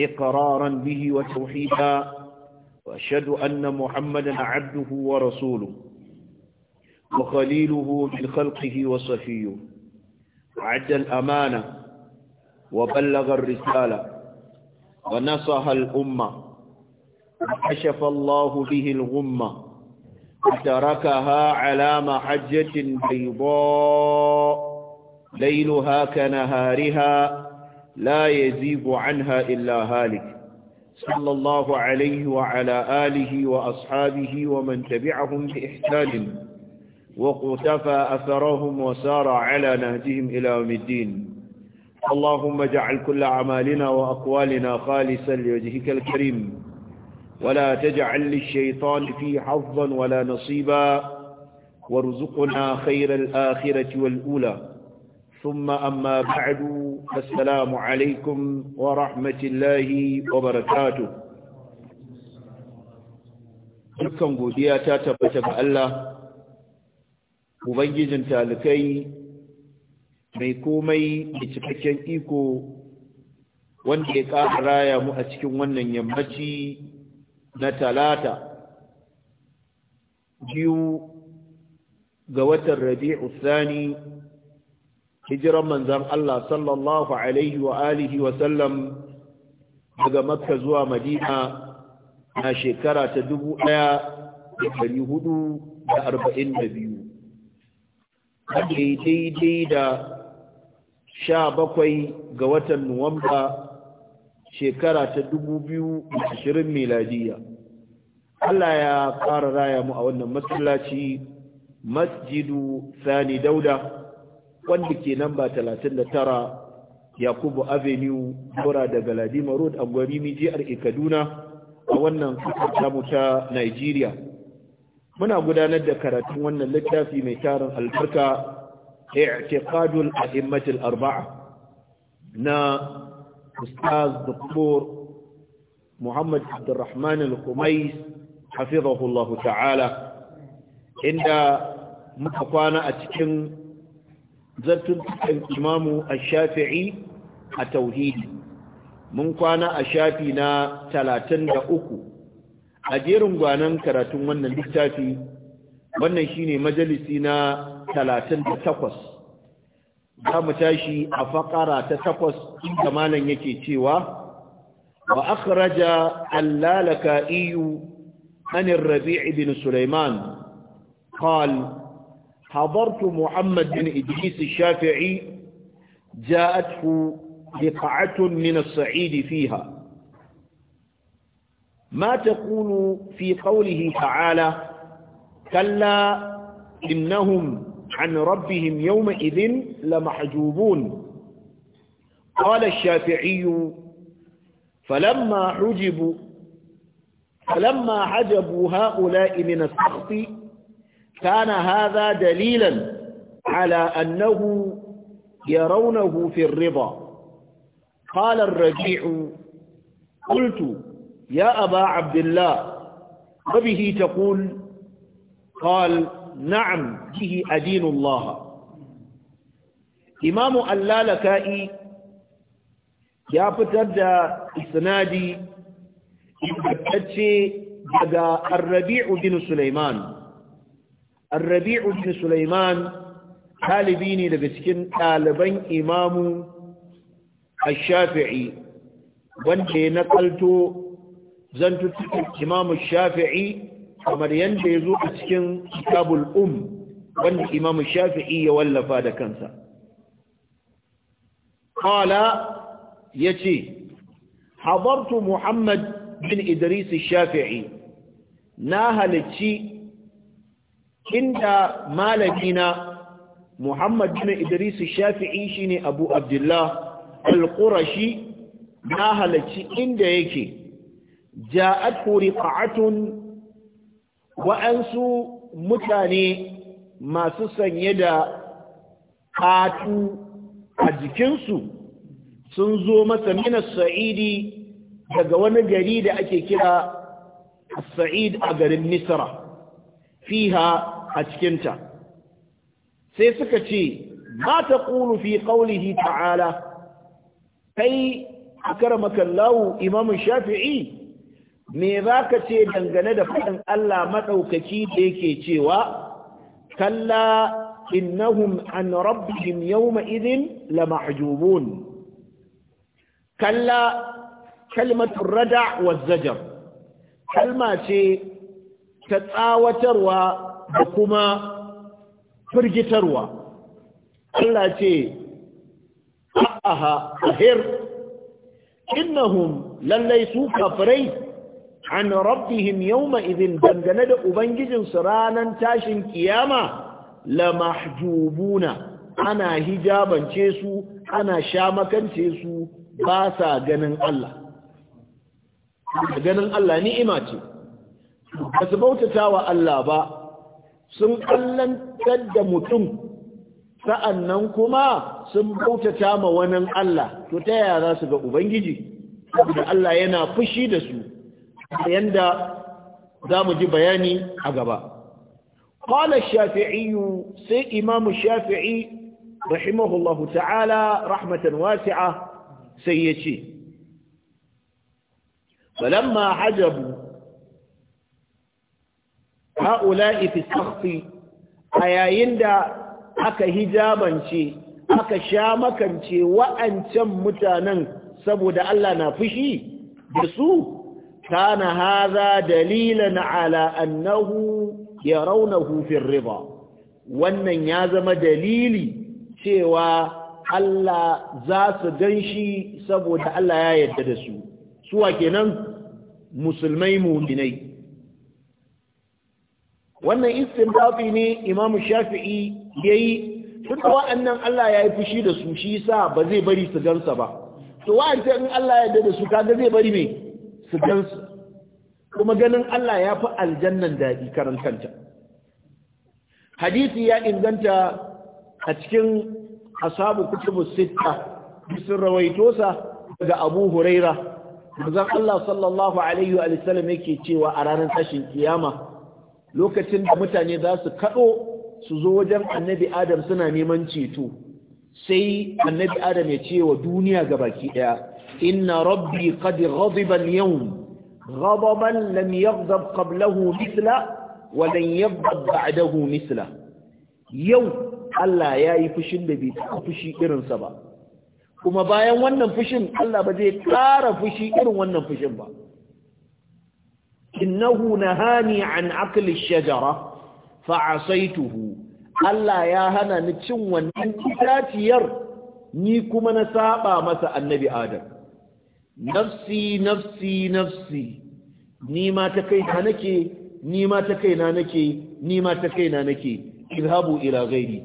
إقرارا به وتوحيدا وأشهد أن محمدا عبده ورسوله وخليله من خلقه وصفيه وعد الأمانة وبلغ الرسالة ونصح الأمة وكشف الله به الغمة وتركها على محجة بيضاء ليلها كنهارها لا يزيب عنها إلا هالك صلى الله عليه وعلى آله وأصحابه ومن تبعهم بإحسان وقتفى أثرهم وسار على نهجهم إلى يوم الدين اللهم اجعل كل أعمالنا وأقوالنا خالصا لوجهك الكريم ولا تجعل للشيطان في حظا ولا نصيبا وارزقنا خير الآخرة والأولى ثم أما بعد السلام عليكم ورحمة الله وبركاته dukkan godiya ta tabbata ga Allah ubangijin talikai mai komai da cikakken iko wanda ya ƙara raya mu a cikin wannan yammaci na talata biyu ga watan rabi'u sani hijiran manzan Allah sallallahu alaihi wa alihi wa sallam daga makka zuwa madina na shekara ta dubu ɗaya da ɗari hudu da arba'in da biyu daidai da sha bakwai ga watan nuwamba shekara ta dubu biyu da ashirin miladiya Allah ya ƙara raya mu a wannan masallaci masjidu sani dauda wanda ke namba 39 yakubu avenue bora da galadima road a gwarimi jihar kaduna a wannan kasar tamu ta nigeria muna gudanar da karatun wannan littafi mai tarin albarka i'tiqadul a'immatul arba'a na ustaz doktor muhammad abdurrahman al kumais hafizahullahu ta'ala inda muka kwana a cikin zartuttukan imamu a shafi'i a tauhidi mun kwana a shafi na talatin da uku a jerin gwanon karatun wannan littafi wannan shine majalisi na talatin da takwas za mu tashi a fakara ta takwas inda malam yake cewa wa akhraja allalaka iyu anin rabi' bin sulaiman qala حضرت محمد بن إدريس الشافعي جاءته بقعة من الصعيد فيها ما تقول في قوله تعالى كلا إنهم عن ربهم يومئذ لمحجوبون قال الشافعي فلما حجبوا فلما حجبوا هؤلاء من السخط كان هذا دليلا على أنه يرونه في الرضا قال الرجيع قلت يا أبا عبد الله وبه تقول قال نعم به أدين الله إمام اللالكائي ya fitar da isnadi ingantacce daga arrabi'u bin Sulaiman الربيع بن سليمان طالبيني لبسكن طالبين إمام shafi'i, wanda ya nakalto zantuttukan imam shafi'i kamar yadda ya zo a cikin kitabul um wanda imam shafi'i ya wallafa da kansa kala ya ce habartu muhammad bin idris shafi'i na halicci inda malamina Muhammad bin Idris Shafi'i shine Abu Abdullah Al-Qurashi na halacci inda yake ja'at wa ansu mutane masu sanye da katu a jikinsu sun zo masa mina sa'idi daga wani gari da ake kira sa'id a garin misra fiha a cikinta sai suka ce ma ta ƙulu fi ƙaunihi ta'ala kai a karamakan lawu imamun shafi'i me za ka ce dangane da faɗin Allah maɗaukaki da yake cewa kalla innahum an rabbihim yawma idhin la kalla kalmatur rada wa zajar kalma ce ta tsawatarwa da kuma firgitarwa Allah ce aha ahir innahum lallai su kafirai an rabbihim yawma idhin dangane da ubangijinsu ranan tashin kiyama la mahjubuna ana hijabance su ana shamakance su ba sa ganin Allah ganin Allah ni'ima ce ba su bautata wa Allah ba sun kallantar da mutum sa'annan kuma sun bautata ma wani Allah to ta yaya za su ga ubangiji da Allah yana fushi da su yanda za mu ji bayani a gaba قال sai imamu shafi'i rahimahullahu ta'ala rahmatan wasi'a sai ya ce فلما عجبوا ha'ula'i fi sakhfi a yayin da aka hijabance aka sha makance wa'ancan mutanen saboda Allah na fushi da su kana haza dalilan ala annahu yarawnahu fi riba wannan ya zama dalili cewa Allah za su ganshi saboda Allah ya yarda da su suwa kenan musulmai mu'minai wannan istinbabi ne imamu shafi'i yayi yi da wa'annan Allah ya yi fushi da su shi sa ba zai bari su gansa ba to wa'anta in Allah ya da su kaga zai bari me su gansa kuma ganin Allah ya fi aljannan daɗi karantanta hadisi ya inganta a cikin asabu kutubu sitta bisin rawaito sa daga abu huraira manzon Allah sallallahu alaihi wa sallam yake cewa a ranar tashin kiyama lokacin da mutane za su kaɗo su zo wajen annabi adam suna neman ceto sai annabi adam ya ce wa duniya baki ɗaya inna rabbi qad ghadiba al-yawm ghadaban lam yaghdab qablahu mithla wa lan yaghdab ba'dahu mithla yau Allah ya yi fushin da bai taɓa fushi irinsa ba kuma bayan wannan fushin Allah ba zai ƙara fushi irin wannan fushin ba innahu hani an akli shajara fa'asaituhu Allah ya hana ni cin wannan itaciyar ni kuma na saɓa masa annabi Adam nafsi nafsi nafsi ni ma ta kaina nake ni ma ta kaina nake ni ma ta kaina nake izhabu ila ghairi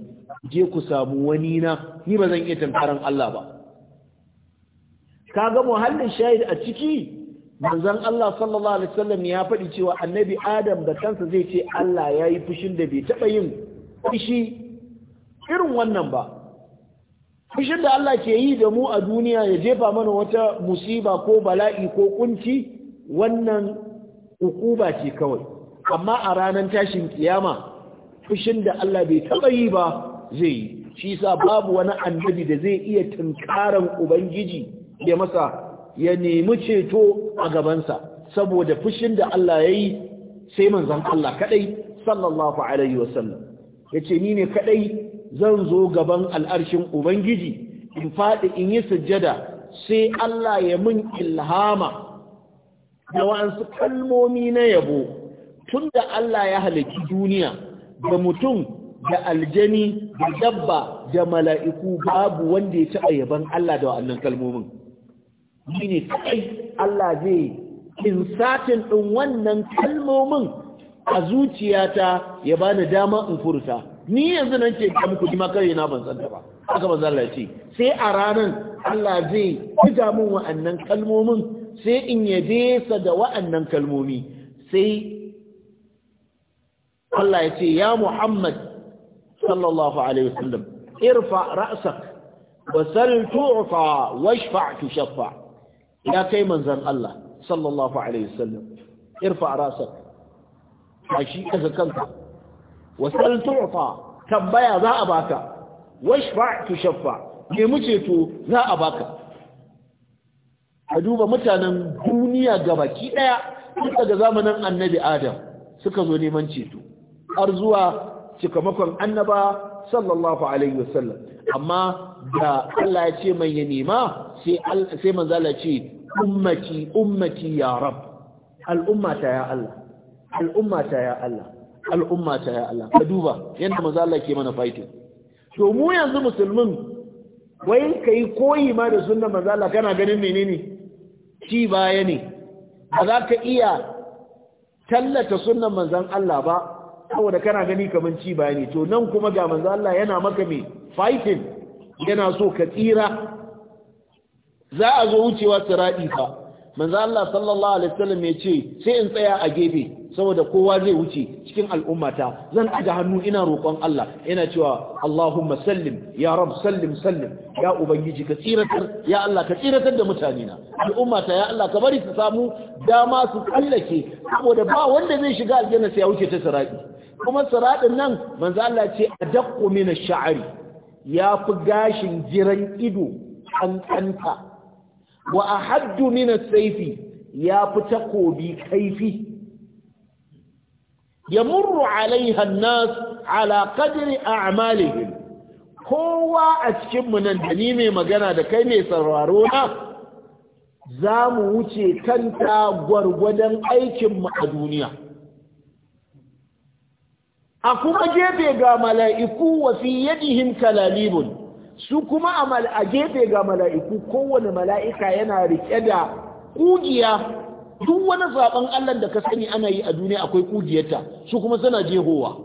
je ku samu wani na ni ba zan iya tankaran Allah ba Ka ga muhallin shahid a ciki manzon Allah sallallahu alaihi wasallam ya faɗi cewa annabi Adam da kansa zai ce Allah ya yi fushin da bai taɓa yin fushi irin wannan ba fushin da Allah ke yi da mu a duniya ya jefa mana wata musiba ko bala'i ko kunci wannan hukuba ce kawai amma a ranar tashin kiyama fushin da Allah bai taɓa yi ba zai yi shi sa babu wani annabi da zai iya tunkaran ubangiji ya masa ya nemi ceto a gabansa saboda fushin da Allah ya yi sai manzon Allah kaɗai, sallallahu alaihi wasallam yace ni ne kaɗai zan zo gaban al'arshin ubangiji in faɗi in yi sujjada sai Allah ya mun ilhama da wa'ansu kalmomi na yabo tunda Allah ya halarci duniya ga mutum da aljani da dabba da mala'iku babu wanda ya taɓa yaban Allah da wa'annan kalmomin shi ne kai Allah zai insatin ɗin wannan kalmomin a zuciyata ya bani dama in furta ni yanzu nan ce ga ji makare na ban santa ba haka manzo Allah ce sai a ranan Allah zai fita min wa'annan kalmomin sai in yabe sa da wa'annan kalmomi sai Allah ya ce ya Muhammad sallallahu alaihi wasallam irfa ra'sak wa sal washfa' tushaffa' ya kai manzan Allah sallallahu alaihi wasallam irfa a shi kasa kanka wasal tu'fa tambaya za a baka washfa tushaffa nemi ceto za a baka a duba mutanen duniya gabaki daya daga zamanin annabi adam suka zo neman ceto har zuwa cikamakon annaba sallallahu alaihi wasallam amma da Allah ya ce mai ya nema sai manzala ce ummati ummati ya rab al'ummata ya Allah al'ummata ya Allah al'ummata ya Allah ka duba yanda maza Allah ke mana fighting to mu yanzu musulmin wai kai koyi ma da sunnar maza Allah kana ganin menene ci baya ne ba za ka iya tallata sunnan manzon Allah ba saboda kana gani kaman ci baya ne to nan kuma ga manzon Allah yana maka me fighting yana so ka tsira za a zo wucewa siradi fa manzo Allah sallallahu alaihi wasallam ya ce sai in tsaya a gefe saboda kowa zai wuce cikin al'ummata zan daga hannu ina roƙon Allah ina cewa Allahumma sallim ya rab sallim sallim ya ubangiji ka tsiratar ya Allah ka tsiratar da mutane na al'ummata ya Allah ka bari su samu dama su tsallake saboda ba wanda zai shiga aljanna sai ya wuce ta siradi kuma siradin nan manzo Allah ce adaqqu min ash-sha'ri yafi gashin jiran ido kankanta wa ahaddu min as-sayfi ya fi kobi kaifi yamurru alaiha an-nas ala qadri a'malihim kowa a cikin mu nan da ni mai magana da kai mai sauraro na za mu wuce kanta gwargwadon aikinmu a duniya a kuma gefe ga mala'iku wa fi yadihim kalalibun su kuma a gefe ga mala'iku kowane mala'ika yana riƙe da ƙugiya duk wani zaben allah da ka sani ana yi a duniya akwai ƙugiyarta su kuma suna jehowa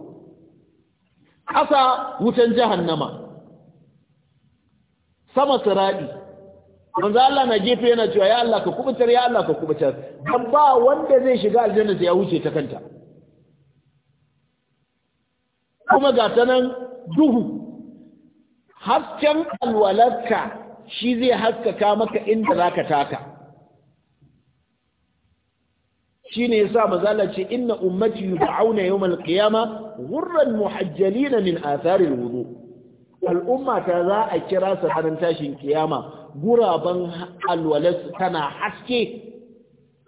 ƙasa wutan jahannama sama siraɗi manzo Allah na gefe yana cewa ya Allah ka kubutar ya Allah ka kubutar dan ba wanda zai shiga aljanna ya wuce ta kanta kuma ga ta duhu hasken alwalarka shi zai haskaka maka inda za ka taka shi ne yasa mazala ce inna ummati yud'auna yawmal qiyama ghurran muhajjalina min athari alwudu al'umma ta za a kira su ranar tashin kiyama guraben alwalar tana haske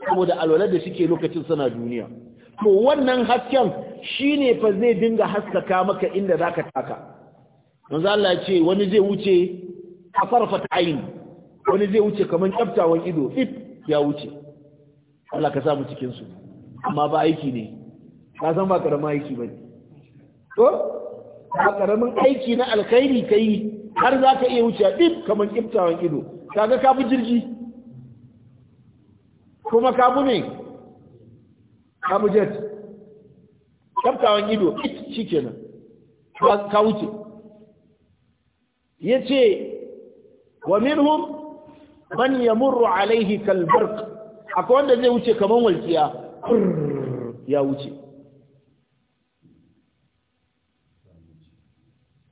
saboda alwalar da suke lokacin suna duniya to wannan hasken shine fa zai dinga haskaka maka inda zaka taka manzo Allah ya ce wani zai wuce kafarfat ayn wani zai wuce kaman kyaftawan ido if ya wuce Allah ka samu cikin su amma ba aiki ne ka san ba karamin aiki bane to ba karamin aiki na alkhairi kai har za ka iya wuce if kaman kyaftawan ido kaga ka bi jirgi kuma ka bu ne ka bu jet kyaftawan ido it shikenan ka wuce yace wa minhum man yamurru alaihi barq akwai wanda zai wuce kaman walkiya ya wuce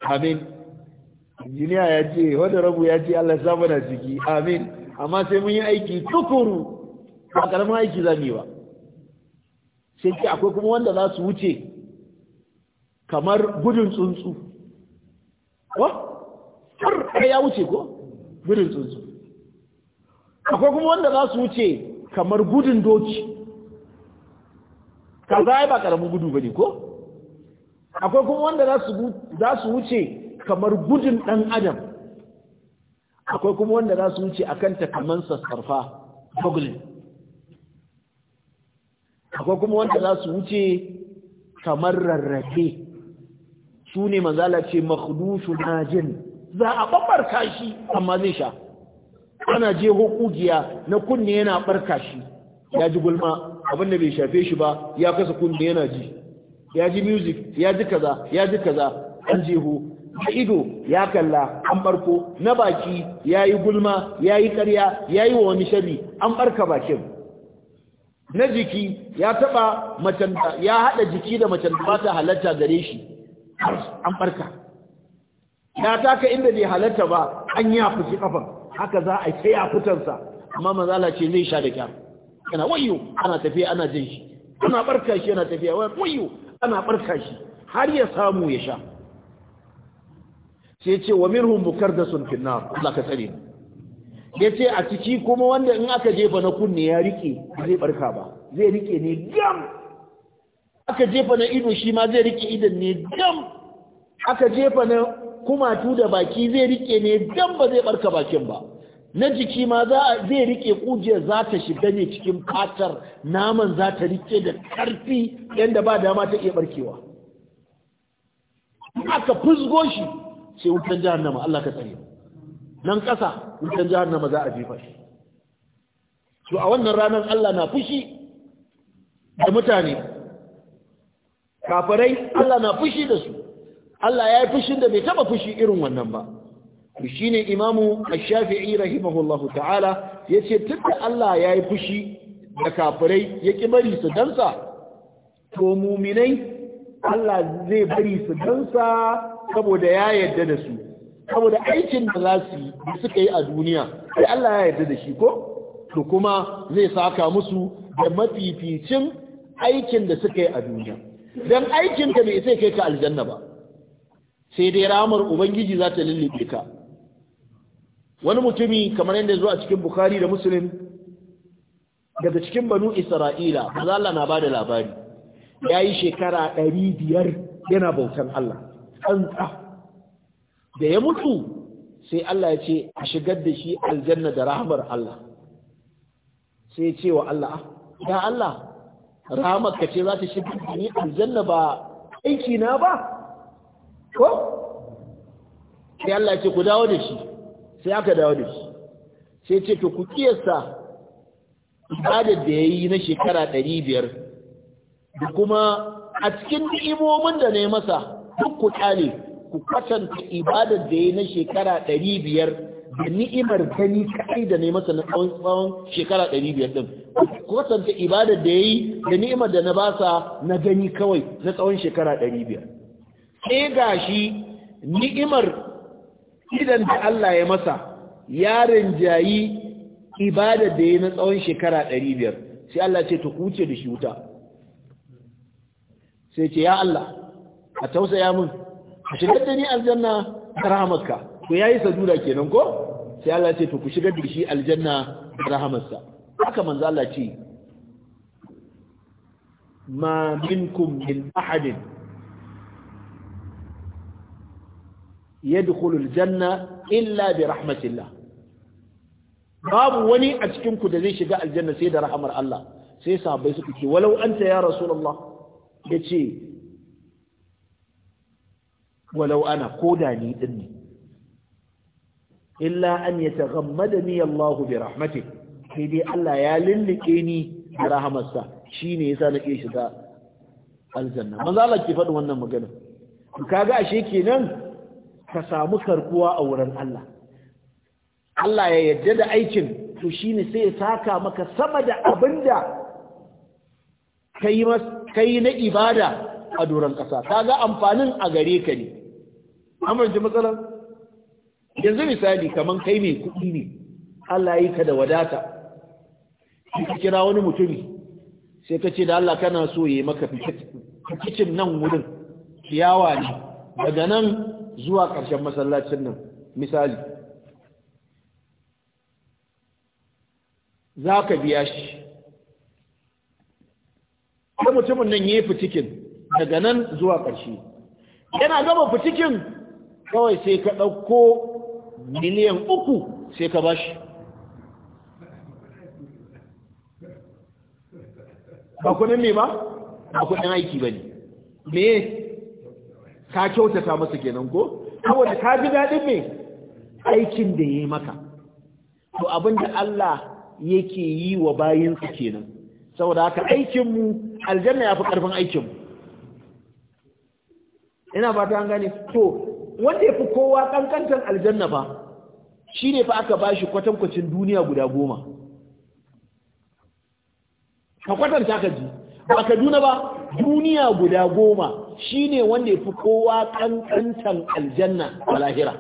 amin injiniya ya ce wanda rabu ya ce Allah samu na ciki amin amma sai mun yi aiki tukuru ba karamin aiki za mu yi ba sai ce akwai kuma wanda za su wuce kamar gudun tsuntsu ko har ya wuce ko gudun tsuntsu akwai kuma wanda za su wuce kamar gudun doki a yi ba karamin gudu ba ne ko akwai kuma wanda za su wuce kamar gudun ɗan adam akwai kuma wanda za su wuce a kanta kamar sassarfa goglin akwai kuma wanda za su wuce kamar rarrafe su ne manzala ce na jini za a babbarka shi amma zai sha ana jeho ƙugiya na kunne yana ɓarka shi ya ji gulma abin da bai shafe shi ba ya kasa kunne yana ji ya ji music ya ji kaza ya ji kaza an jeho da ido ya kalla an barko na baki ya yi gulma ya yi karya ya yi wa wani shari an barka bakin na jiki ya taɓa macen ya haɗa jiki da macen da ba ta halatta gare shi an barka ya taka inda bai halatta ba an ya fushi kafan haka za a sai a fitarsa amma mazala ce zai sha da kyar yana wayo ana tafiya ana jin shi ana barka shi yana tafiya wayo ana barka shi har ya samu ya sha sai ce wa minhum bukardasun fil nar Allah ka tsare yace a ciki kuma wanda in aka jefa na kunne ya rike zai barka ba zai rike ne gam aka jefa na ido shi ma zai rike idan ne gam aka jefa na kumatu da baki zai rike ne dan ba zai barka bakin ba na jiki ma zai rike kujiyar za ta shiga ne cikin katar naman za ta rike da karfi yadda ba dama ta iya barkewa aka fusgo shi sai wutan jahannama Allah ka tsare nan ƙasa wutan jahannama za a jefa shi to a wannan ranar Allah na fushi da mutane kafarai Allah na fushi da su Allah ya yi fushin da bai taba fushi irin wannan ba shi ne imamu shafi'i rahimahullahu ta'ala ya ce Tukka Allah ya yi fushi da kafirai ya ƙi bari su dansa to muminai Allah zai bari su dansa saboda ya yarda da su saboda aikin da za su yi suka yi a duniya sai Allah ya yarda da shi ko to kuma zai saka musu da mafificin aikin da suka yi a duniya Don aikinka ka bai sai kai ka aljanna ba sai dai ramar ubangiji za ta lullube ka wani mutumi kamar yadda zuwa cikin bukhari da musulun daga cikin banu isra'ila maza Allah na da labari ya yi shekara ɗari biyar yana bautan Allah tsantsa da ya mutu sai Allah ya ce a shigar da shi aljanna da rahamar Allah sai ya ce wa Allah ah, ya Allah rahamar ka ce za ta shigar da ni aljanna ba aiki na ba ko sai Allah ce ku dawo da shi sai aka dawo da shi sai ce to ku kiyasta ibadar da yayi na shekara 500 da kuma a cikin ni'imomin da ne masa duk ku kale ku kwatanta ibadar da yayi na shekara 500 da ni'imar gani kai da ne masa na tsawon shekara 500 din ku kwatanta ibadar da yayi da ni'imar da na basa na gani kawai na tsawon shekara 500 ga gashi ni'imar idan da Allah ya masa yaron jayi ibada da ya na tsawon shekara 500 sai Allah ce ta kuce da shi wuta sai ce ya Allah a tausaya mun a shigar da ni aljanna ta rahamarka to yayi sajuda kenan ko sai Allah ce ta ku shigar da shi aljanna ta rahamarsa haka manzo Allah ce ma minkum min ahadin yadkhulul janna illa bi rahmatillah babu wani a cikin ku da zai shiga aljanna sai da rahmar Allah sai sahabbai suka ce walau anta ya rasulullah walau ana koda ni din ne illa an yataghammadani Allah bi rahmatih sai dai Allah ya lillike ni Shi ne ya shine na iya shiga aljanna manzo Allah ke faɗin wannan magana ga ashe kenan ka samu karkuwa a wurin Allah Allah ya yarda da aikin to shi ne sai ya saka maka sama da abin da ka yi na ibada a doron Ta ga amfanin a gare ka ne amince matsalar yanzu misali kamar kai mai kuɗi ne Allah yi ka da wadata ka kira wani mutumi sai ka ce da Allah kana so ya yi maka fikicin nan wurin Yawa ne daga nan zuwa ƙarshen masallacin nan misali za ka biya shi ko mutumin nan ya yi fitikin daga nan zuwa ƙarshe yana gama fitikin kawai sai ka ɗauko miliyan uku sai ka bashi ba kudin ne ba ba kudin aiki ba ne me ka kyautata masa kenan ko saboda ka ji daɗin me aikin da yayi maka to abin da Allah yake yi wa bayinsa kenan saboda haka aikin mu aljanna yafi karfin aikin mu ina ba ta gane to wanda yafi kowa kankantan aljanna ba shine fa aka bashi kwatankwacin duniya guda goma ka kwatanta ka ji ba Kaduna ba duniya guda goma Shi ne wanda ya fi kowa kankantan aljanna a lahira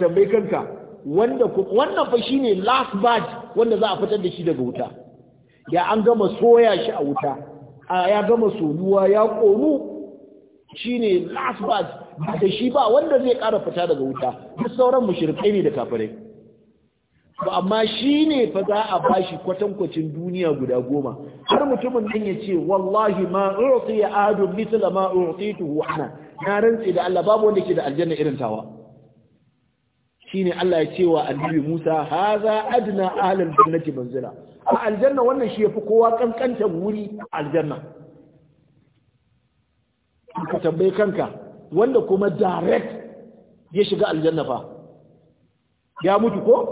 tambayi kanka wannan fa shi ne last batch wanda za a fitar da shi daga wuta ya an gama soya shi a wuta ya gama soyuwa ya koru ne last batch da shi ba wanda zai ƙara fita daga wuta duk sauran mushrikai ne da kafirai to amma shi ne fa za a bashi kwatankwacin duniya guda goma har mutumin nan ya ce wallahi ma urti ya adu mithla ma urtituhu ana na rantsi da Allah babu wanda ke da aljanna irin tawa shine Allah ya ce wa annabi Musa haza adna ahli aljannati manzila a aljanna wannan shi yafi kowa kankanta wuri aljanna ka tambaye kanka wanda kuma direct ya shiga aljanna fa ya mutu ko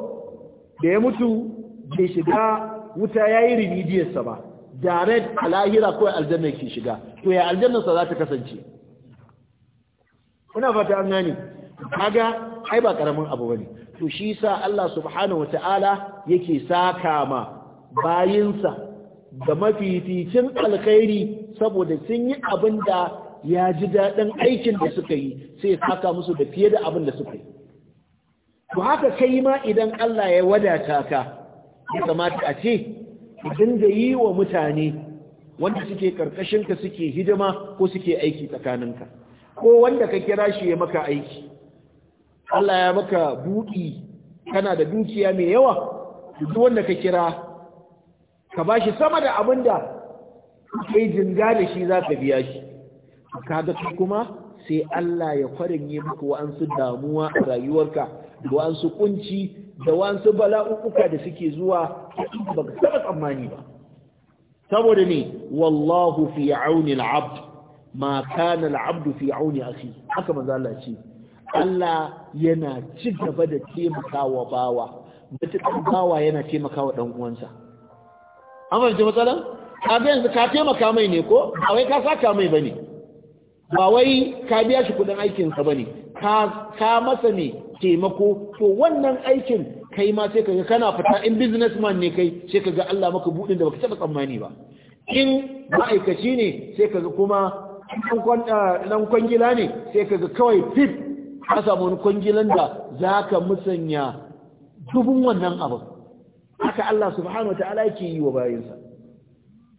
da ya mutu bai shiga wuta ya yi remediyarsa ba direct a lahira kawai aljanna ke shiga to ya aljannarsa za ta kasance kuna fata an gani kaga ai ba karamin abu bane to shi sa Allah subhanahu wataala yake saka ma bayinsa da mafificin alkhairi saboda sun yi abin da ya ji daɗin aikin da suka yi sai saka musu da fiye da abin da suka yi to haka kai ma idan Allah ya wadata ka ya kamata a ce idan da yi wa mutane wanda suke karkashinka suke hidima ko suke aiki tsakaninka ko wanda ka kira shi ya maka aiki Allah ya maka buɗi kana da dukiya mai yawa duk wanda ka kira ka ba shi sama da abin da kai jinga da shi za ka biya shi Ka ga kuma sai Allah ya kwarin yi muku wa'ansu damuwa a rayuwarka da wa'ansu kunci da wa'ansu bala'uka da suke zuwa ba ka saba tsammani ba saboda ne wallahu fi auni al ma kana al fi auni akhi haka manzo Allah ce Allah yana ci gaba da taimakawa bawa mutum bawa yana taimakawa ɗan uwansa an fahimci matsalar abin ka taimaka mai ne ko a wai ka saka mai ne? ba wai ka biya shi kudin aikinsa ba ne ka masa ne taimako to wannan aikin kai ma sai kaga kana fita in businessman ne kai sai kaga Allah maka budin da baka taba tsammani ba in ma'aikaci ne sai kaga kuma dan kwangila ne sai kaga kawai fit ka samu wani kwangilan da zaka musanya dubun wannan abu haka Allah subhanahu wataala yake yi wa bayinsa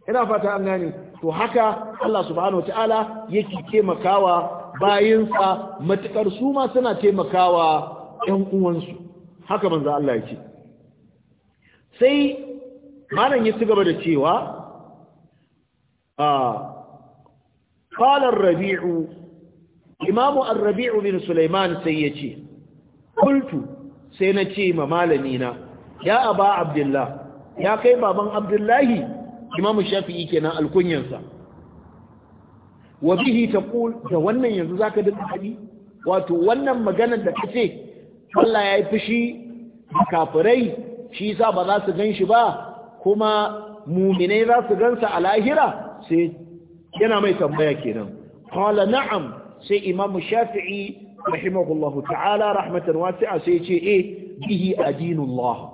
ina fata an gane to haka Allah subhanahu wataala yake taimakawa bayinsa matukar su ma suna taimakawa 'yan uwansu haka manzo Allah yake sai malam ya cigaba da cewa a qala ar-rabi'u imam ar-rabi'u bin sulaiman sai yace qultu sai nace ma malami na ya aba abdullah ya kai baban abdullahi imamu shafi'i kenan alkunyansa Wabihi ta taqul da wannan yanzu zaka dinga hadi wato wannan maganar da kace Allah ya yi fushi kafirai shi yasa ba za su shi ba kuma muminai za su gansa a lahira sai yana mai tambaya kenan qala na'am sai imamu shafi'i rahimahullahu ta'ala rahmatan wasi'a sai ce eh bihi adinullah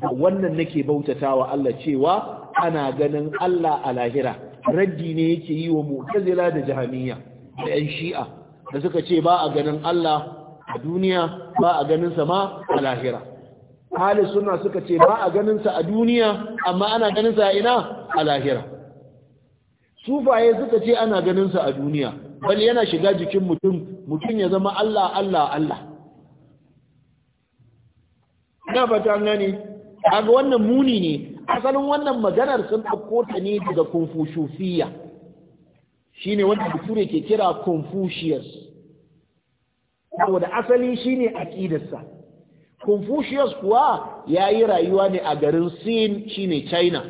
da wannan nake bautatawa Allah cewa ana ganin Allah a lahira raddi ne yake yi wa mu'tazila da jahamiya da yan shi'a da suka ce ba a ganin Allah a duniya ba a ganin sa ma a lahira ahli sunna suka ce ba a ganin sa a duniya amma ana ganin sa ina a lahira sufaye suka ce ana ganin sa a duniya bal yana shiga jikin mutum mutum ya zama Allah Allah Allah na fata gani kaga wannan muni ne asalin wannan maganar sun ɗauko ta ne daga Shi ne wanda bature ke kira confucius saboda asali shine aƙidarsa, confucius kuwa ya yi rayuwa ne a garin sin ne china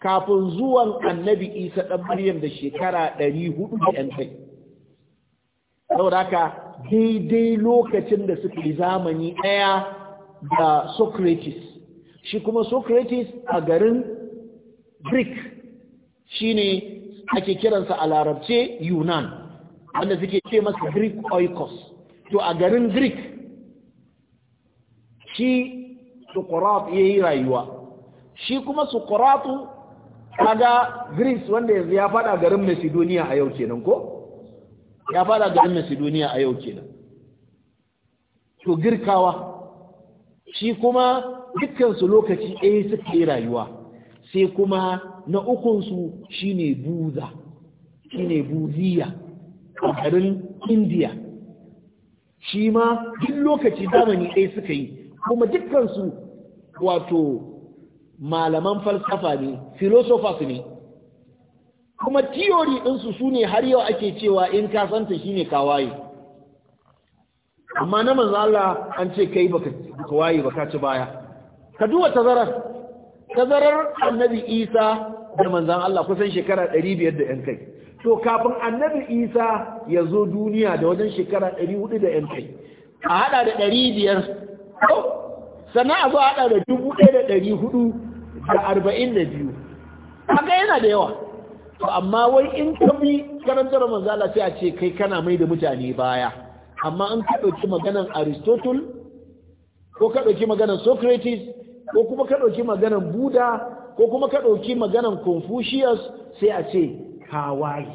kafin zuwan annabi isa ɗan maryam da shekara 400 kai saboda haka daidai lokacin da suka yi zamani ɗaya da socrates shi kuma socrates a garin greek shine ake kiransa a larabce yunan wanda suke ce masa greek oikos to a garin greek shi sukurat ya yi rayuwa shi kuma sukuratu kaga greece wanda yanzu ya fada garin macedonia a yau kenan ko ya fada garin macedonia a yau kenan to girkawa shi kuma dukkansu lokaci ɗaya suka yi rayuwa sai kuma na ukunsu shine buza shine buziya a garin indiya shi ma duk lokaci zamani ɗaya suka yi kuma dukkansu wato malaman falsafa ne filosofas ne kuma tiyori ɗinsu su ne har yau ake cewa in kasanta shine kawaye amma na manzo Allah an ce kai baka ka waye baka ci baya ka duwa tazarar tazarar annabi Isa da manzo Allah kusan shekara 500 da yan kai to kafin annabi Isa ya zo duniya da wajen shekara 400 da yan kai a hada da 500 sannan a zo a hada da 1442 haka yana da yawa to amma wai in ka karantar manzo Allah sai a ce kai kana mai da mutane baya amma an ka ɗauki maganan aristotle ko ka ɗauki maganan socrates ko kuma ka ɗauki maganan buda ko kuma ka ɗauki maganan confucius sai a ce kawai.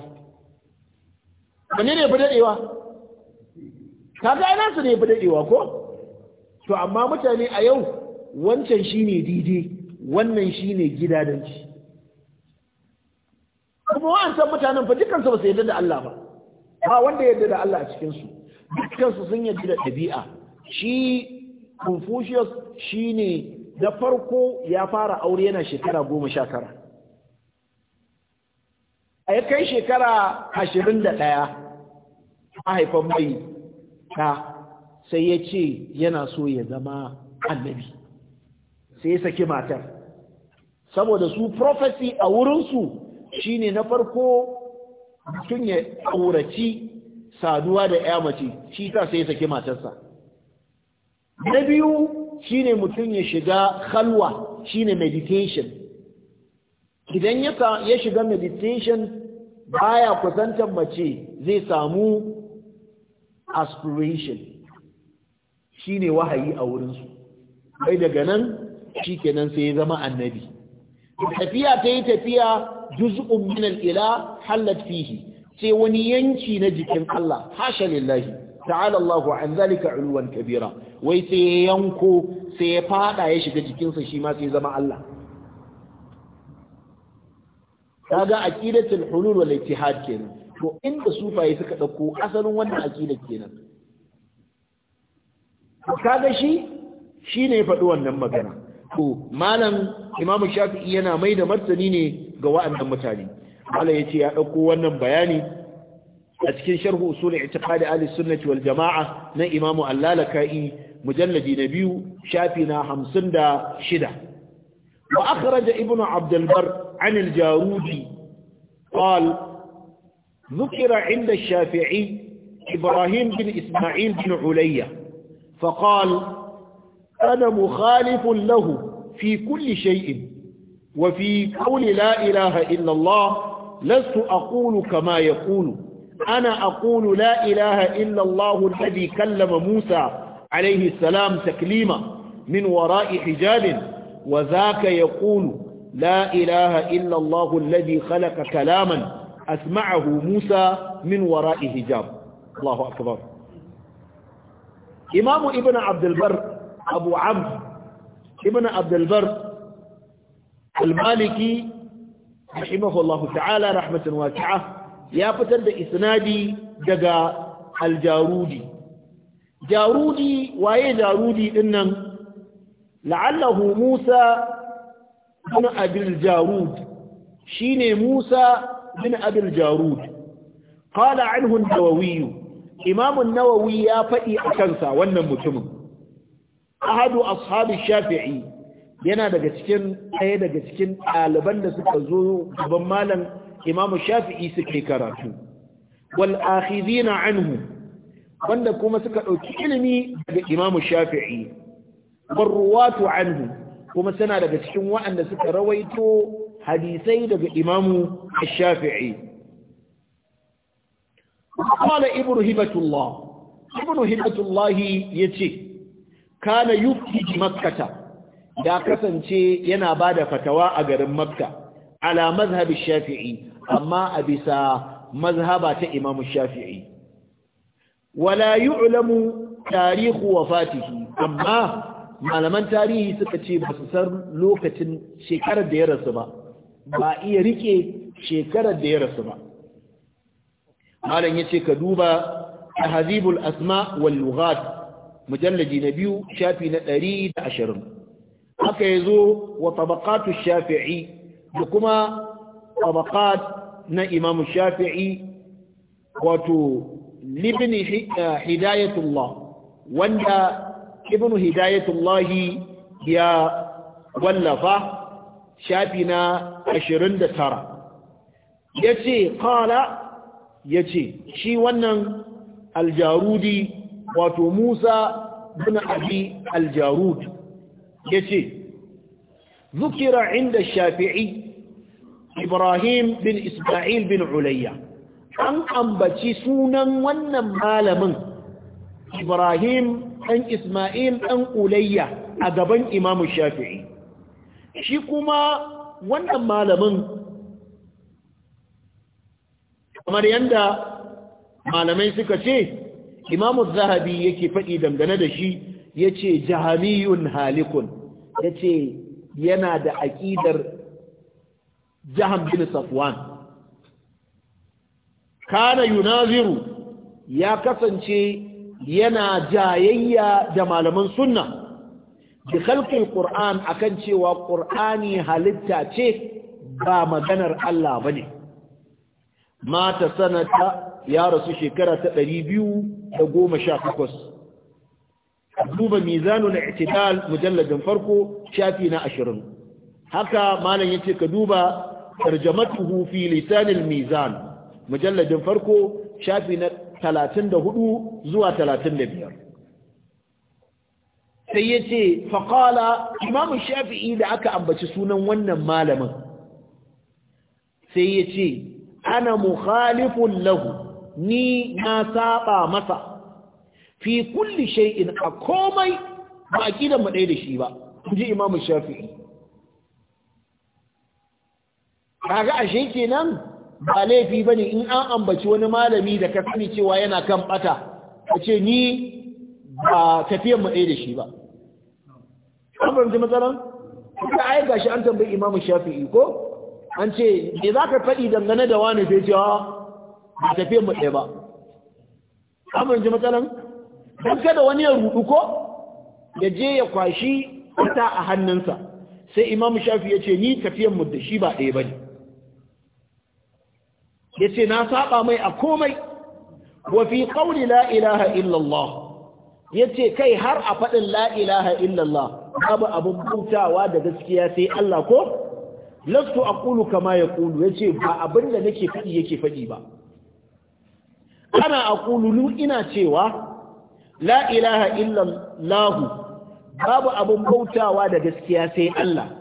wane ne fi daɗewa kaga ana su ne fi daɗewa ko to amma mutane a yau wancan shine didi wannan shine gidadanci kuma wa'ansan mutanen fa su ba su yarda da Allah ba ba wanda yarda da Allah a cikinsu dukkansu sun yadda da ɗabi'a shi confucius shi ne na farko ya fara aure yana shekara goma sha tara a ya kai shekara ashirin da ɗaya mahaifan mai ta sai ya ce yana so ya zama annabi sai ya saki matar saboda su prophecy a wurinsu shine na farko mutum ya auraci saduwa da ya mace shi sa sai ya saki matarsa na biyu shine mutum ya shiga khalwa shine meditation idan ya shiga meditation baya kusantar mace zai samu aspiration shine wahayi a wurin su. bai daga nan shi kenan sai ya zama annabi tafiya ta yi tafiya juz'un min ila halat fihi sai wani yanki na jikin Allah hasha lillahi ta'ala Allahu an zalika uluwan kabira wai sai ya yanko sai ya fada ya shiga jikinsa shi ma sai zama Allah kaga aqidatul hulul wal ittihad kenan to inda sufaye suka dauko asalin wannan aqida kenan kaga shi shine ya faɗi wannan magana to malam imamu shafi'i yana mai da martani ne ga wa'annan mutane wala ya ce ya ɗauko wannan bayani a cikin sharhu usulun itikadi ahli sunnati wal na imamu allala ka'i mujalladi na biyu hamsin da shida wa akhraja ibnu abdul bar an al jarudi qal dhukira inda shafi'i ibrahim bin isma'il bin ulayya fa qal ana mukhalif lahu fi kulli shai'in. وفي قول لا إله إلا الله لست أقول كما يقول أنا أقول لا إله إلا الله الذي كلم موسى عليه السلام تكليما من وراء حجاب وذاك يقول لا إله إلا الله الذي خلق كلاما أسمعه موسى من وراء حجاب الله أكبر إمام ابن عبد البر أبو عبد ابن عبد البر المالكي rahimahullahu ta'ala rahmatan ya fitar da isnadi daga aljarudi jarudi waye jarudi dinnan la'allahu Musa bin Abil Jarud shine Musa bin Abil Jarud qala anhu an-Nawawi Imam an-Nawawi ya faɗi akan sa wannan mutumin ahadu ashabi Shafi'i yana daga cikin ɗaya daga cikin ɗaliban da suka zo gaban malam imamu shafi'i suke karatu wal akhidina anhu wanda kuma suka ɗauki ilimi daga imam shafi'i wal ruwatu anhu kuma suna daga cikin waɗanda suka rawaito hadisai daga imamu shafi'i qala ibnu hibatullah ibnu hibatullah yace kana yufti makkata da kasance yana ba da fatawa a garin makka ala mazhabin shafi'i amma a bisa mazhaba ta imamu shafi'i wala ulamu tarihu wafatihi amma malaman tarihi suka ce ba su san lokacin shekarar da ya rasu ba ba iya rike shekarar da ya rasu ba malam yace ka duba tahzibul asma wal lughat mujallaji na biyu shafi na ɗari da ashirin. haka ya zo wa tabaqatu shafi'i da kuma tabakat na imam shafi'i wato libni eh, hidayatullah wanda ibnu hidayatullah ya wallafa shafi na 29 yace ya yace shi wannan aljarudi wato Musa bin Abi aljarud ya ce zukira inda shafi'i ibrahim bin isma'il bin ulayya an ambaci sunan wannan malamin ibrahim ɗan isma'il ɗan ulayya a gaban imamu shafi'i shi kuma wannan malamin kamar yadda malamai suka ce imamu zahabi yake faɗi dangane da shi ya ce jahamiyun halikun ya ce yana da aƙidar jaham bin safwan kana yunaziru ya kasance yana jayayya da malaman sunna bi khalqil qur'an akan cewa qur'ani halitta ce ba maganar Allah bane mata sanata ya rasu shekara ta 218 duba na i'tidal mujalladin farko shafi na ashirin, haka malam yace ka duba tarjamatuhu fi lisanil mizan mujalladin farko shafi na hudu zuwa biyar. sai yace ce, qala imam shafi'i da aka ambaci sunan wannan malamin sai yace ana mukhalifun lahu ni na saba masa fi kulli shay'in a komai ba aqidan mu ɗaya da shi ba ji imamu shafi'i kaga ashe kenan ba laifi bane in an ambaci wani malami da ka sani cewa yana kan bata ce ni ba tafiyan mu ɗaya da shi ba an fahimci matsalan ka ai gashi an tambayi imamu shafi'i ko an ce me za ka faɗi dangane da wani sai cewa ah, ba tafiyan mu ɗaya ba an fahimci matsalan don kada wani ya rudu ko ya je ya kwashi wata a hannunsa sai imam shafi ya ce ni tafiyan mu da shi ba ɗaya ba ne ya ce na saba mai a komai wafi ƙauni la'ilaha illallah ya ce kai har a faɗin la'ilaha illallah babu abin bautawa da gaskiya sai Allah ko a ƙulu kama ya Ya yace ba abin da nake faɗi yake faɗi ba ana aqulu ina cewa la ilaha illallahu babu abin bautawa da gaskiya sai Allah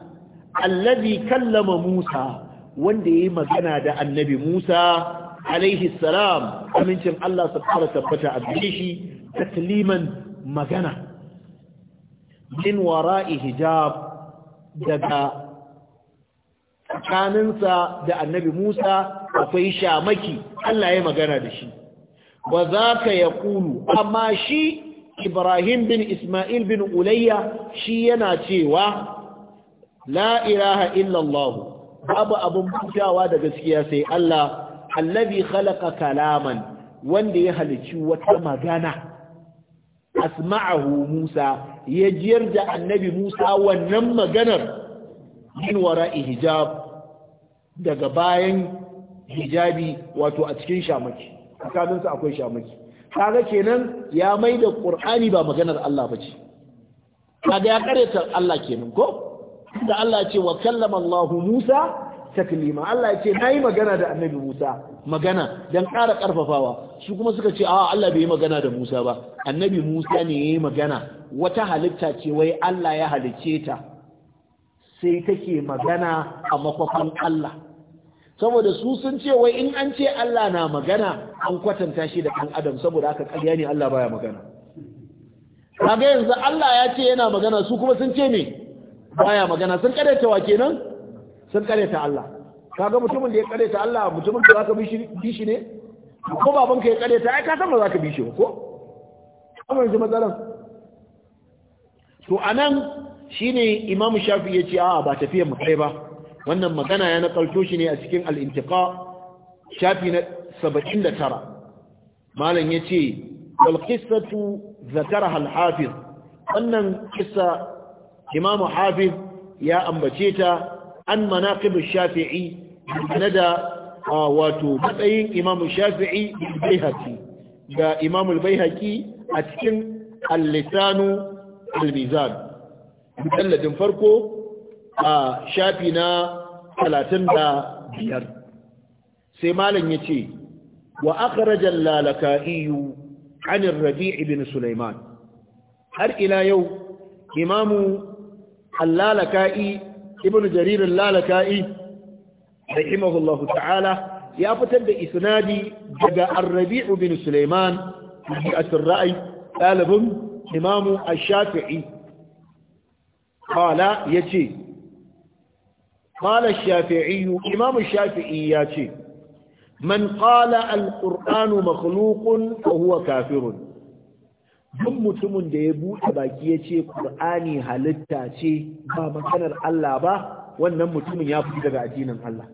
Allabi kallama Musa wanda yayi magana da annabi Musa alaihi salam amincin Allah subhanahu tabbata a gare shi takliman magana min wara'i hijab daga tsakaninsa da annabi Musa akwai shamaki Allah ya magana da shi wa za ka ya amma shi ibrahim bin ismail bin ulayya shi yana cewa la ilaha illallah babu abun bautawa da gaskiya sai Allah allazi khalaqa kalaman wanda ya halici wata magana asma'ahu Musa ya jiyar da annabi Musa wannan maganar min wara'i hijab daga bayan hijabi wato a cikin shamaki tsakaninsu akwai shamaki kaga kenan ya mai da ƙur'ani ba maganar Allah ba ce kaga ya karyata Allah kenan ko da Allah ce wa kallama Allah Musa taklima Allah ya ce nayi magana da Annabi Musa magana dan ƙara ƙarfafawa su kuma suka ce a Allah bai yi magana da Musa ba Annabi Musa ne yayi magana wata halitta ce wai Allah ya halicce ta sai take magana a makwafan Allah saboda su sun ce wai in an ce Allah na magana an kwatanta shi da ɗan adam saboda aka ƙarya ne Allah baya magana kaga yanzu Allah ya ce yana magana su kuma sun ce me baya magana sun kadaita wa kenan sun kadaita Allah kaga mutumin da ya kadaita Allah mutumin da zaka bi shi ne ko baban ka ya kadaita ai ka san ba zaka bi shi ko amma yanzu matsalan to anan shine Imam Shafi ya ce a'a ba tafiyar mu kai ba wannan magana ya nakalto shi ne a cikin al shafi na 79 malam yace wal qissatu zakaraha al-hafiz wannan kisa, imam hafiz ya ambace ta an manaqib ash-shafi'i da wato matsayin imam shafi'i bayhaqi ga imam al-bayhaqi a cikin allisanu al-mizan farko a shafi na 35 sai malam ya ce wa lalaka iyu anin rabi' ibn Suleiman. har ila yau imamu allalaka'i ibn jarir allalaka'i rahimahullahu ta'ala ya fitar da isnadi daga ar-rabi' ibn sulaiman bi at-ra'i talibun imamu ashafi'i shafii ya ce. قال الشافعي إمام الشافعي ياتي من قال القرآن مخلوق فهو كافر duk mutumin da ya buɗe baki ya ce ƙur'ani halitta ce ba maganar Allah ba wannan mutumin ya fi daga addinin Allah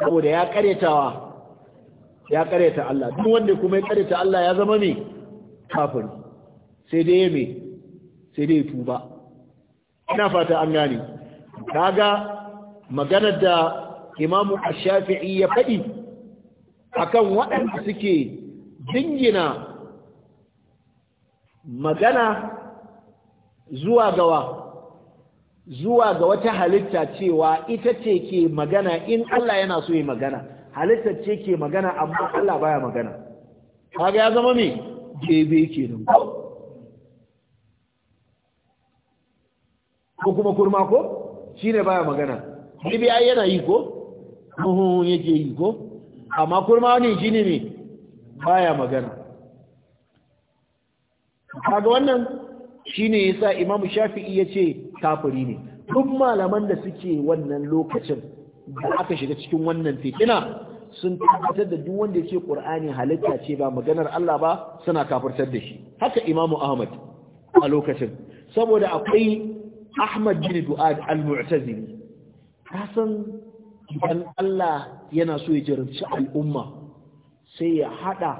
saboda ya karetawa ya kareta Allah duk wanda kuma ya kareta Allah ya zama mai kafin sai dai me sai dai tuba ina fata an gane kaga maganar da imamu a shafii ya faɗi akan waɗanda suke jingina magana zuwa gawa zuwa ga wata halitta cewa ita ce ke magana in Allah yana so yi magana halitta ce ke magana amma Allah baya magana kaga ya zama me gebe kenan ko kuma kurma ko shine baya magana ribiya yana yi ko huhun yake yi ko amma kurma wani shi ne baya magana kaga wannan shi ne ya sa imamu shafi'i ya ce kafiri ne duk malaman da suke wannan lokacin da aka shiga cikin wannan fitina sun tabbatar da duk wanda ce ƙur'ani halitta ce ba maganar Allah ba suna kafirtar da shi haka imamu Ahmad a lokacin saboda akwai Ahmad bin Du'ad al-Mu'tazili kasan idan Allah yana so ya jarumci al'umma sai ya haɗa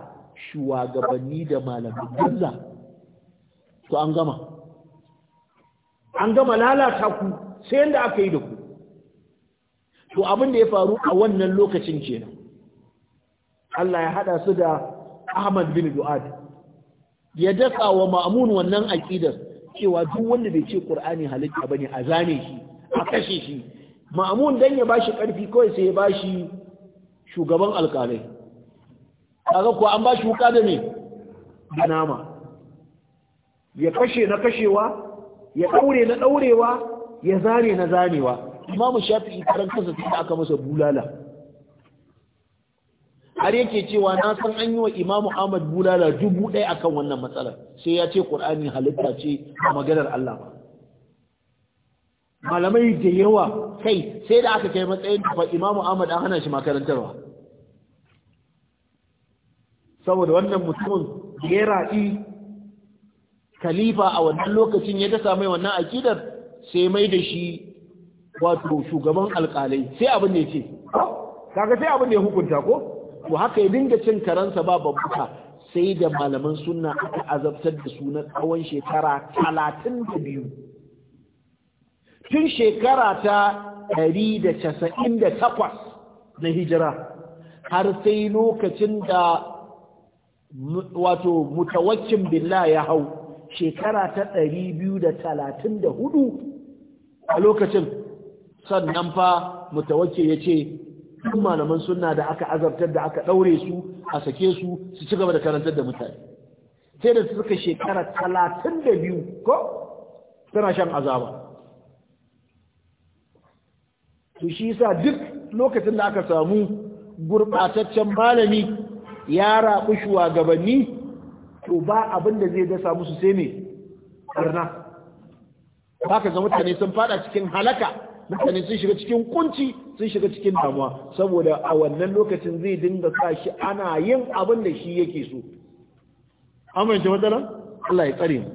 shugabanni da malamin Allah to an gama an gama lalata ku sai yadda aka yi da ku to abin da ya faru a wannan lokacin kenan Allah ya haɗa su da Ahmad bin Du'ad ya dasa wa Ma'mun wannan aƙidar cewa duk wanda bai ce Qur'ani halitta bane a zane shi a kashe shi ma'amun dan ya bashi karfi kawai sai ya shi shugaban alkalai kaga ko an bashi wuka da ne da nama ya kashe na kashewa ya ɗaure na ɗaurewa, ya zane na zanewa mu shafi'i karan kansa sai aka masa bulala har yake cewa na san an yi wa imamu ahmad bulala dubu ɗaya akan wannan matsalar sai ya ce ƙur'ani halitta ce a maganar allah ba malamai da yawa kai sai da aka kai matsayin da imamu ahmad an hana shi makarantarwa saboda wannan mutumin ya raɗi khalifa a wannan lokacin ya dasa mai wannan akidar sai mai da shi wato shugaban alƙalai, sai abin da ya ce kaga sai abin da ya hukunta ko to haka ya dinga cin karansa ba babbuka sai da malaman sunna aka azabtar da su na tsawon shekara talatin da biyu tun shekara ta ɗari da 198 na hijira har sai lokacin da wato mutawaccin billa ya hau shekara ta 234 a lokacin sannan fa mutawakki ya ce duk malaman sunna da aka azabtar da aka ɗaure su a sake su su ci gaba da karantar da mutane sai da suka shekara 32 ko suna shan azaba to shi sa duk lokacin da aka samu gurɓataccen malami ya rabu shugabanni to ba abin da zai dasa musu sai ne Ba haka ga mutane sun fada cikin halaka mutane sun shiga cikin kunci sun shiga cikin damuwa saboda a wannan lokacin zai dinga sa shi ana yin abin da shi yake so amince matsalan Allah ya tsare mu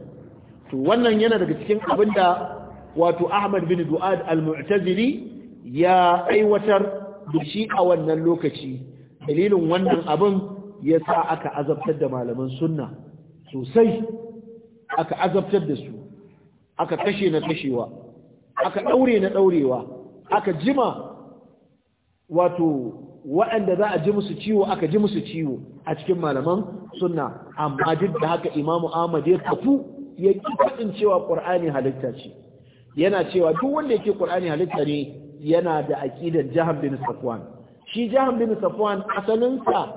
to wannan yana daga cikin abin da wato Ahmad bin Du'ad al-Mu'tazili ya aiwatar da shi a wannan lokaci dalilin wannan abin ya sa aka azabtar da malaman sunna sosai aka azabtar da su aka kashe na kashewa aka ɗaure na ɗaurewa aka jima wato waɗanda za a ji musu ciwo aka ji musu ciwo a cikin malaman sunna amma duk da haka imamu ahmad ya kafu ya ƙi faɗin cewa ƙur'ani halitta ce yana cewa duk wanda yake ƙur'ani halitta ne yana da aqidar jahan bin safwan shi jahan bin safwan sa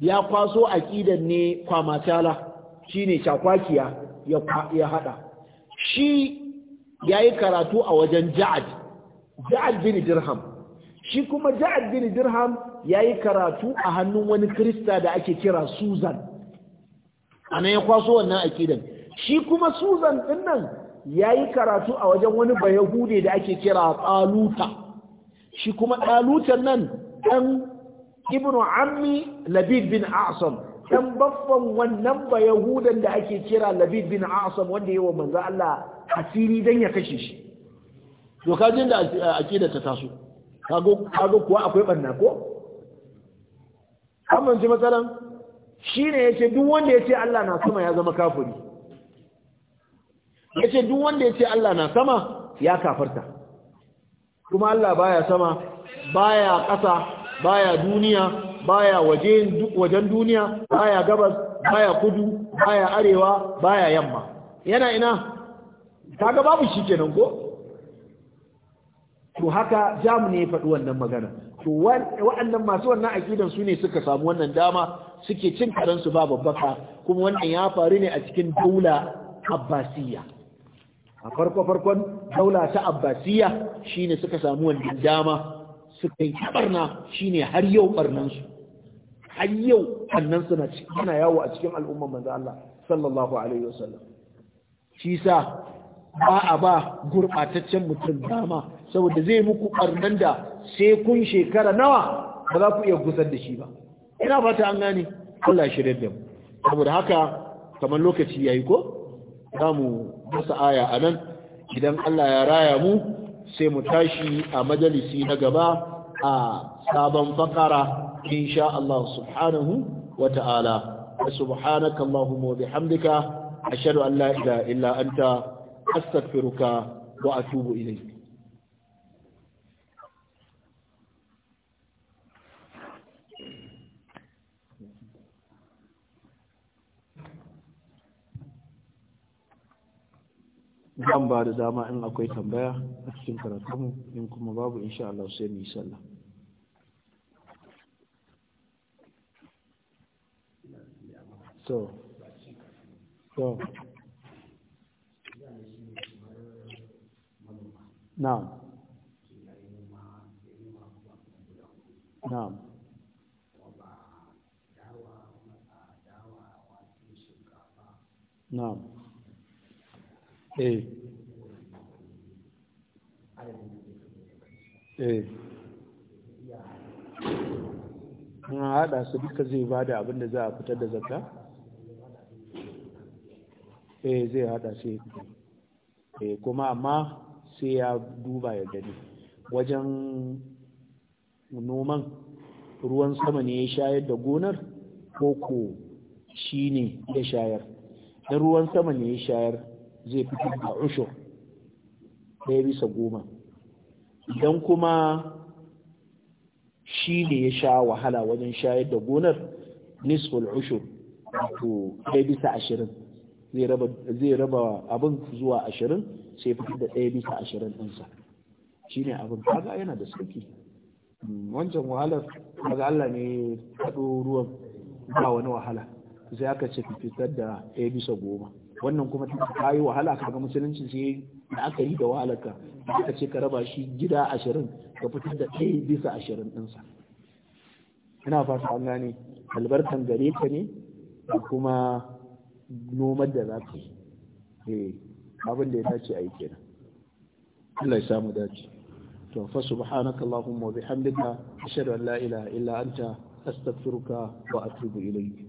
ya kwaso aƙidan ne kwamatala shine chakwakiya ya ya hada shi yayi karatu a wajen ja'ad ja'ad bin dirham shi kuma ja'ad bin dirham yayi karatu a hannun wani krista da ake kira susan ana ya kwaso wannan aqidar shi kuma susan dinnan ya yi karatu a wajen wani bayahude da ake kira ɗaluta shi kuma ɗalutan nan ɗan ibnu ammi labid bin asam ɗan baffan wannan bayahudan da ake kira labid bin asam wanda yi wa manza, Allah asiri don ya kashe shi to ake da ta taso kago kuwa akwai ɓanna ko? amince matsalan shi ne ya ce duk wanda ya ce Allah na sama ya zama kafuri ya ce duk wanda ya ce Allah na sama ya kafarta kuma Allah baya sama baya ƙasa baya duniya baya waje wajen duniya baya gabas baya kudu baya arewa baya yamma yana ina kaga babu shi kenan ko to haka jamu ne faɗi wannan magana to waɗannan masu wannan aƙidan su ne suka samu wannan dama suke cin karansu ba babbaka kuma wannan ya faru ne a cikin daula abbasiyya a farko farkon daula ta abbasiya shine suka samu wannan dama suka yi barna shine har yau barnan su har yau annan na cikin yawo a cikin al'ummar manzo Allah sallallahu alaihi wasallam shi sa ba a ba gurbataccen mutum dama saboda zai muku barnan da sai kun shekara nawa ba za ku iya gusar da shi ba ina fata an gane Allah shirye da mu saboda haka kamar lokaci yayi ko za mu wasu aya a nan idan Allah ya raya mu sai mu tashi a majalisi na gaba a sabon fakara insha sha Allah subhanahu wa ta’ala da subhanaka Allah mu bi hamdika a shaɗu Allah ila illa anta astaghfiruka wa atubu ilayka zan ba da dama in akwai tambaya a cikin karatunmu in kuma babu insha Allah sai mu yi sallah so so na'am na'am na'am eh eh an haɗa su duka zai ba da abin da za a fitar da zakka eh zai haɗa sai eh kuma amma sai ya duba ya gani wajen noman ruwan sama ne ya shayar da gonar ko ko shi ne ya shayar da ruwan sama ne ya shayar zai fitar a ushur ɗaya bisa goma idan kuma shi ne ya sha wahala wajen shayar da gonar nisful ushur to ɗaya bisa ashirin zai raba abin zuwa ashirin sai fito da ɗaya bisa ashirin ɗinsa shi ne abin kaga yana da sauki wancan wahalar kaga Allah ne kaɗo ruwan ba wani wahala sai aka ce fitar da ɗaya bisa goma wannan kuma ta kayi wahala kaga musulunci sai da aka yi da wahalarka aka ce ka raba shi gida ashirin ka fitar da ɗaya bisa ashirin ɗinsa ina fasa an gane albarkan gare ka ne da kuma nomar da za ka yi eh, abin da ya dace a yi kenan Allah ya samu dace to fa subhanaka allahumma wa bihamdika ashhadu an la ilaha illa anta astaghfiruka wa atubu ilayk